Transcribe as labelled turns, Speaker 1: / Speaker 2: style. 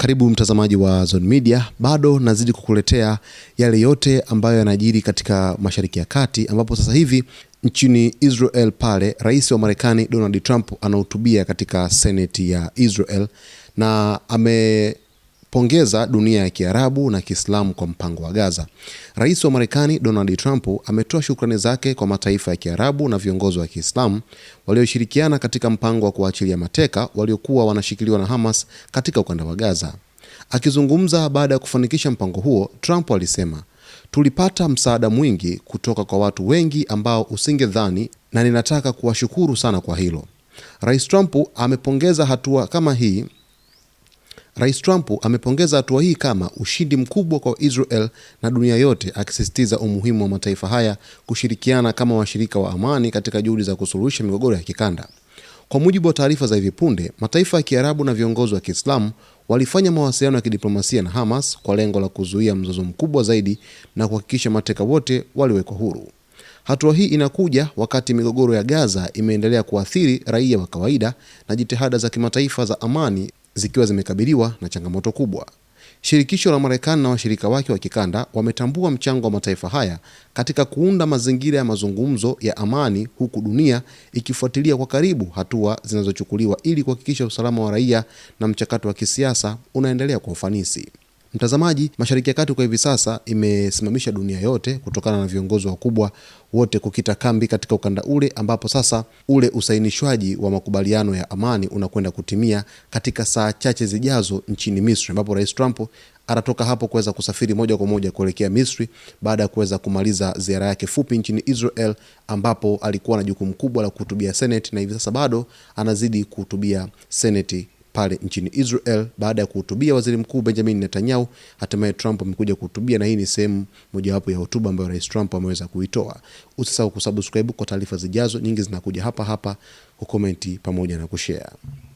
Speaker 1: Karibu mtazamaji wa Zone Media, bado nazidi kukuletea yale yote ambayo yanajiri katika Mashariki ya Kati, ambapo sasa hivi nchini Israel pale rais wa Marekani Donald Trump anahutubia katika seneti ya Israel na ame kupongeza dunia ya Kiarabu na Kiislamu kwa mpango wa Gaza. Rais wa Marekani Donald Trump ametoa shukrani zake kwa mataifa ya Kiarabu na viongozi wa Kiislamu walioshirikiana katika mpango wa kuachilia mateka waliokuwa wanashikiliwa na Hamas katika ukanda wa Gaza. Akizungumza baada ya kufanikisha mpango huo, Trump alisema, tulipata msaada mwingi kutoka kwa watu wengi ambao usingedhani na ninataka kuwashukuru sana kwa hilo. Rais Trump amepongeza hatua kama hii Rais Trump amepongeza hatua hii kama ushindi mkubwa kwa Israel na dunia yote, akisisitiza umuhimu wa mataifa haya kushirikiana kama washirika wa amani katika juhudi za kusuluhisha migogoro ya kikanda. Kwa mujibu wa taarifa za hivi punde, mataifa ya Kiarabu na viongozi wa Kiislamu walifanya mawasiliano ya kidiplomasia na Hamas kwa lengo la kuzuia mzozo mkubwa zaidi na kuhakikisha mateka wote waliwekwa huru. Hatua hii inakuja wakati migogoro ya Gaza imeendelea kuathiri raia wa kawaida na jitihada za kimataifa za amani zikiwa zimekabiliwa na changamoto kubwa. Shirikisho la Marekani na washirika wake wa kikanda wametambua mchango wa mataifa haya katika kuunda mazingira ya mazungumzo ya amani huku dunia ikifuatilia kwa karibu hatua zinazochukuliwa ili kuhakikisha usalama wa raia na mchakato wa kisiasa unaendelea kwa ufanisi. Mtazamaji, Mashariki ya Kati kwa hivi sasa imesimamisha dunia yote kutokana na viongozi wakubwa wote kukita kambi katika ukanda ule, ambapo sasa ule usainishwaji wa makubaliano ya amani unakwenda kutimia katika saa chache zijazo nchini Misri, ambapo Rais Trump anatoka hapo kuweza kusafiri moja kwa moja kuelekea Misri baada ya kuweza kumaliza ziara yake fupi nchini Israel, ambapo alikuwa na jukumu kubwa la kuhutubia Senate na hivi sasa bado anazidi kuhutubia Senate pale nchini Israel baada ya kuhutubia waziri mkuu Benjamin Netanyahu. Hatimaye Trump amekuja kuhutubia na hii ni sehemu mojawapo ya hotuba ambayo rais Trump ameweza kuitoa. Usisahau kusubscribe kwa taarifa zijazo, nyingi zinakuja hapa hapa, kukomenti pamoja na kushare.